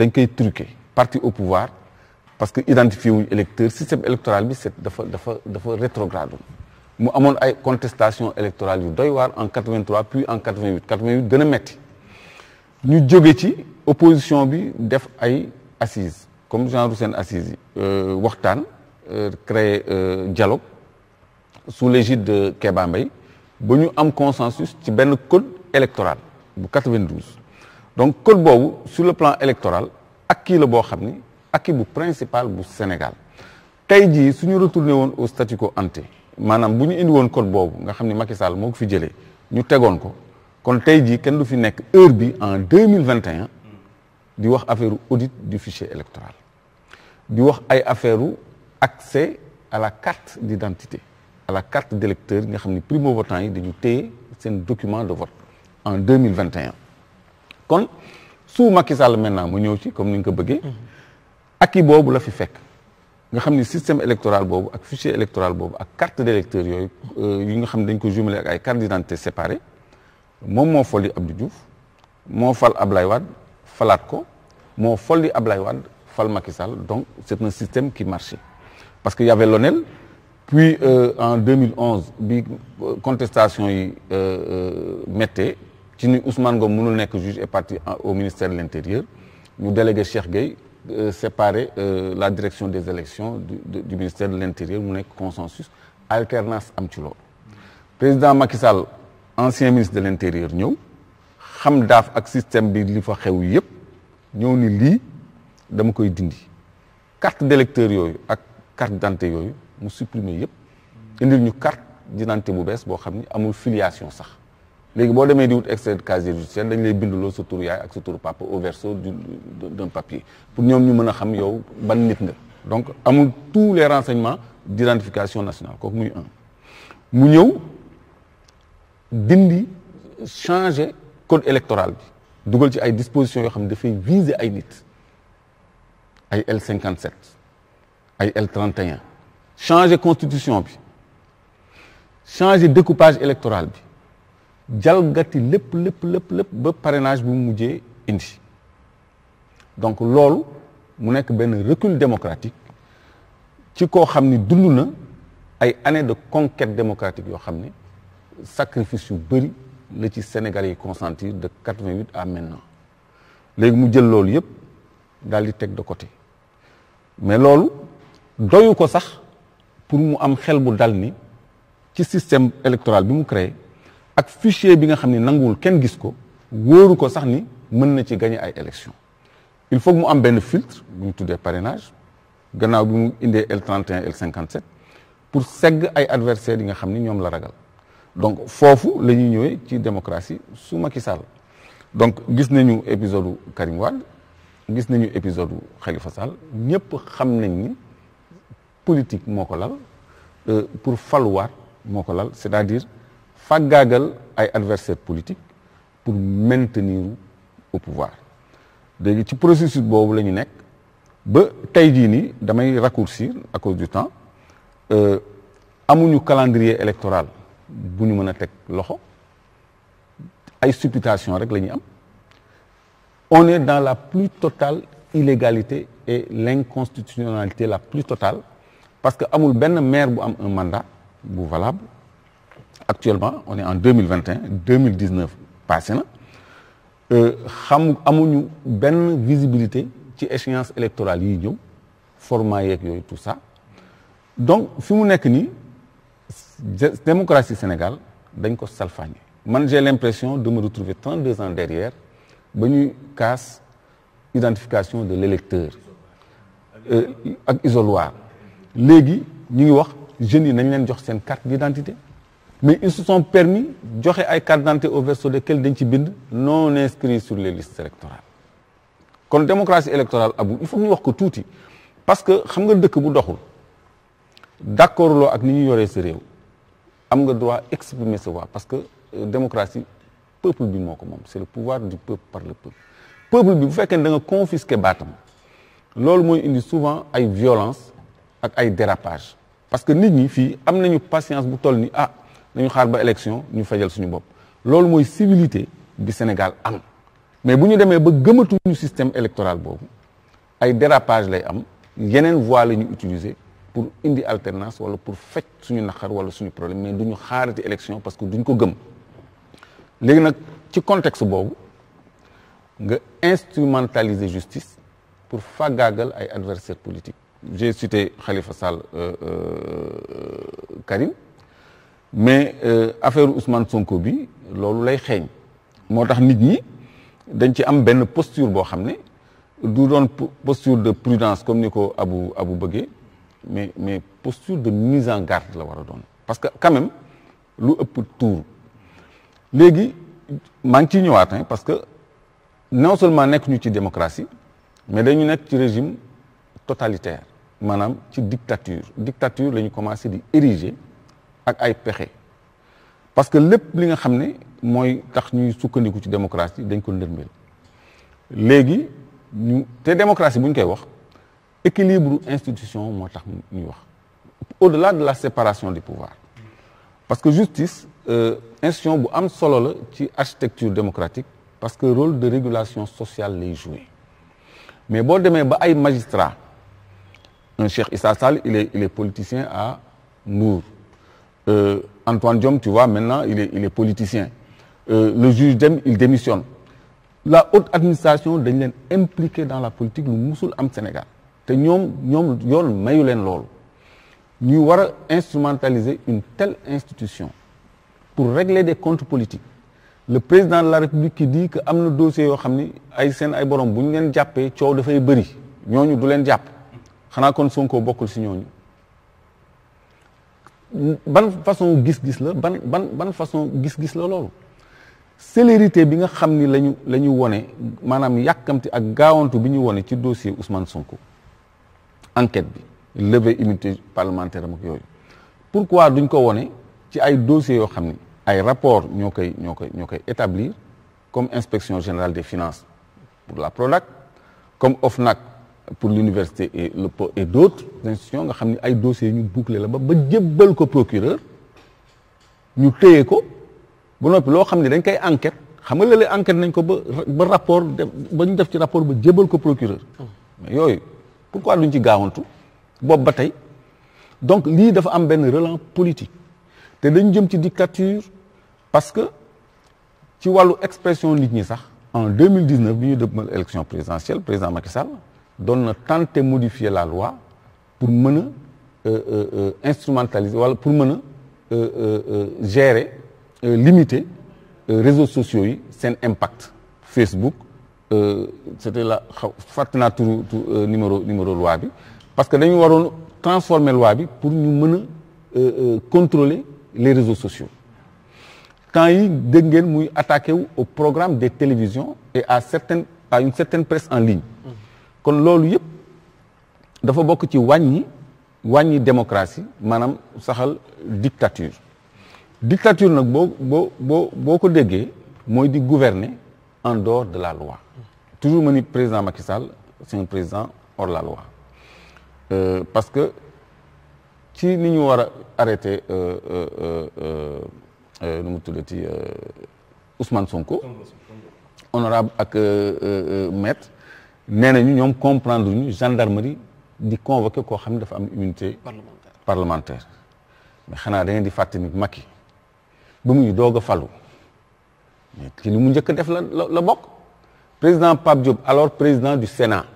dañ koy truqué parti au pouvoir parce que identifié wuñu électeur système électoral bi c'est dafa dafa dafa rétrograde mu amoon ay contestation électorale yu doy waar en 83 puis en 88 88 gën a metti ñu jóge ci opposition bi def ay assises comme genre seen assises yi euh, waxtaan euh, créer euh, dialogue sous l'égide de Kéba Mbaye ba ñu am consensus ci benn code électoral bu 92 donc code boobu sur le plan électoral acquis la boo xam ni acquis bu principal bu Sénégal tey jii su ñu retourné woon au statu quo ante maanaam bu ñu indi woon code boobu nga xam ni Macky Sall moo ko fi jëlee ñu tegoon ko kon tey jii kenn du fi nekk heure bi en deux mille vingt et di wax affaire audit du fichier électoral di wax ay affaire accès à la carte d'identité à la carte d'électeur nga xam ni primo votant yi dañu téye seen document de vote en deux mille vingt et kon su Macky Sall maintenant mu ñëw ci comme ni nga ko bëggee. acquis boobu la fi fekk. nga xam ni système électoral boobu ak fichier électoral boobu ak carte d'électeur yooyu euh, yi nga xam ne dañ ko jumelé ak ay carte d'identité séparée moom moo folli Abdou Diouf moo fal Ablaye Wade falaat ko moo folli Ablaye Wade fal Macky Sall donc c'est un système qui marché parce que y avait l'ONEL puis euh, en 2011 bi euh, contestation yi euh, euh, mettee ci ni Ousmane Ngom mënul nekk juge et partie au ministère de l'intérieur ñu délégué Cheikh Gueye euh, séparer euh, la direction des élections du ministère de l'intérieur mu nekk consensus alternance am ci loolu président Macky Sall ancien ministre de l'intérieur ñëw xam daaf ak système bi li fa xew yépp ñëw ni lii dama koy dindi carte d'électeur yooyu ak carte d'identité yooyu mu supprimer yépp indil ñu carte d'identité bu bees boo xam ni amul filiation sax léegi boo demee di wut extrait de casier judiciaire dañ lay binduloo sa tur yaay ak sa tur papa au verso du d'un papier pour ñoom ñu mën a xam yow ban nit nga donc amul tous les renseignements d'identification nationale kooku mu un mu ñëw dindi changer code électoral bi dugal ci ay dispositions yoo xam ne dafay viser ay nit ay L cinquante sept ay L trente et un changer constitution bi changer découpage électoral bi jalgati lépp lépp lépp lépp ba parrainage bu mujjee indi donc loolu mu nekk benn recul démocratique ci koo xam ni dund na ay années de conquête démocratique yoo xam ni sacrifice yu bëri la ci sénégal yi consentir de quatre-vingt-huit à maintenant léegi mu jël loolu yëpp daal di teg de côté mais loolu doyu ko sax pour mu am xel bu dal ni ci système électoral bi mu créé ak fichier bi nga xam ne nanguwul kenn gis ko wóoru ko sax ni mën na ci gagner ay élections il faut mu am benn filtre bu ñu tuddee parrainage gannaaw bi mu indee L31 l pour segg ay adversaires yi nga xam ni ñoom la ragal donc foofu la ñuy ñëwee ci démocratie su Macky Sall donc gis nañu épisode Karim Wade gis nañu épisode Khalifa Sall ñëpp xam nañ ni politique moo ko lal euh, pour faluwaat moo ko lal c'est-à-dire faggaagal ay adversaires politique pour maintenir au pouvoir léegi ci processus boobu la ñu nekk ba tey jii nii damay raccourcir à cause du temps euh, amuñu calendrier électoral bu ñu mën a teg loxo ay supputation rek la ñuy am on est dans la plus totale illégalité et l'inconstitutionnalité la plus totale parce que amul benn maire bu am un mandat bu valable actuellement on est en deux mille vingt et un deux mille dix neuf na euh, xam amuñu benn visibilité ci échéance électorale yi ñëw format yeeg yooyu tout ça donc fi mu nekk nii démocratie Sénégal dañ ko salfaañe man j'ai l'impression de me retrouver trente deux ans derrière ba ñuy casse identification de l'électeur euh, ak isoloir léegi ñu ngi wax jeunes yi nañ leen jox seen carte d'identité mais ils se sont permis joxe ay carte d'identité au verso desquels dañ ci bind non inscrits sur les listes électorales kon démocratie électorale abul il faut ñu wax ko tuuti parce que xam nga dëkk bu doxul d'accord loo ak ni ñu yoree sa réew am nga droit exprimer sa voix parce que euh, démocratie peuple bi moo ko moom c'est le pouvoir du peuple par le peuple peuple bi bu fekkee ne da nga confisquer baatam loolu mooy indi souvent ay violence ak ay dérapage parce que nit ñi fii am nañu patience bu toll ni ah nañu xaar ba élection ñu fajal suñu bopp loolu mooy civilité bi Sénégal am mais bu ñu demee ba ñu système électoral boobu ay dérapage lay am yeneen voie la ñu utiliser pour indi alternance wala pour faj suñu naqar wala suñu problème mais ñu xaarati élection parce que duñ ko gëm léegi nag ci contexte boobu nga instrumentaliser justice pour faggaagal ay adversaires politique j'ai cité Khalifa Sall euh, euh, Karim mais euh, affaire Ousmane Sonko bi loolu lay xeeñ moo tax nit ñi dañ ci am benn posture boo xam ne du doon posture de prudence comme ni ko abu abu bëggee mais mais posture de mise en garde la war a doon parce que quand lu ëpp tuur léegi maa ngi ciy ñëwaat parce que non seulement nekk ñu ci démocratie mais dañu nekk ci régime totalitaire maanaam ci dictature dictature la ñu commencé di ériger ak ay pexe parce que lépp li nga xam ne mooy tax ñuy sukkandiku ci démocratie dañ ko ndërmeel léegi ñu te démocratie bu ñu koy wax équilibre institution moo tax ñuy wax au-delà de la séparation des pouvoirs parce que justice euh, institution bu am solo la ci architecture démocratique parce que rôle de régulation sociale lay joué mais boo demee ba ay magistrat un Cheikh Issa Sall il est il est politicien à nguur Euh, Antoine Diom, tu waa maintenant, il est, il est politicien. Euh, le juge Dème, il démissionne. La haute administration dañ leen impliqué dans la politique lu musul am Sénégal te ñoom ñoom yoon mayu leen loolu ñuy war a instrumentaliser une telle institution pour régler des contre politiques le président de la République qui dit que am na dossier yoo xam ni ay seen ay borom bu ñu leen jàppee coow dafay bëri ñooñu du leen jàpp xanaa kon Sonko bokkul si ñooñu ban façon gis-gis la ban ban ban façon gis-gis la loolu célérité bi nga xam ni lañu la ñu wone maanaam yàkkamti ak gaawantu bi ñu wone ci dossier Ousmane Sonko enquête bi levée immunité parlementaire am ak yooyu pourquoi duñ ko wone ci ay dossiers yoo xam ni ay rapport ñoo koy ñoo koy ñoo koy établir comme inspection générale des finances pour la Prodac comme nag pour l'université et le et d'autres institutions nga xam ne ay dossiers ñu boucler la ba ba jébbal ko procureur ñu téye ko ba noppi loo xam ne dañ koy enquête xam nga léeg-léeg enquête nañ ko ba ba rapport def ba ñu def ci rapport ba jébbal ko procureur mais yooyu pourquoi duñ ci gaawantu boobu ba tey donc lii dafa am benn relance politique te dañ jëm ci dictature parce que ci wàllu expression nit ñi sax en 2019 bi ñu dëmal élection présidentielle président Macky Sall doon na tenter modifier la loi pour mën a euh, euh, euh, instrumentaliser wala pour mën a gérer limiter réseaux sociaux yi seen impact Facebook c'était la xaw fàtt naa turu numéro numéro loi bi parce que dañu waroon transformer loi bi pour ñu mën a contrôler les réseaux sociaux temps yi dégg ngeen muy attaqué wu au programme des télévisions et à certaines a une certaine presse en ligne kon loolu yëpp dafa bokk ci wàññi wàññi démocratie maanaam saxal dictature dictature nag boo boo boo boo ko déggee mooy di gouverner en dehors de la loi toujours ma ni président Macky Sall c'est président hors la loi euh, parce que ci ni ñu war a arrêté euh, euh, nu mu tuddati Ousmane Sonko honorable ak maître nee nañu ñoom comprendre ñu gendarmerie di convoqué koo xam ne dafa am immunité parlementaire mais xanaa da ngeen di fàtte ni Macky ba muy doog a falu mais ci li mu njëkk def la la bokk président Pape Diop alors président du Sénat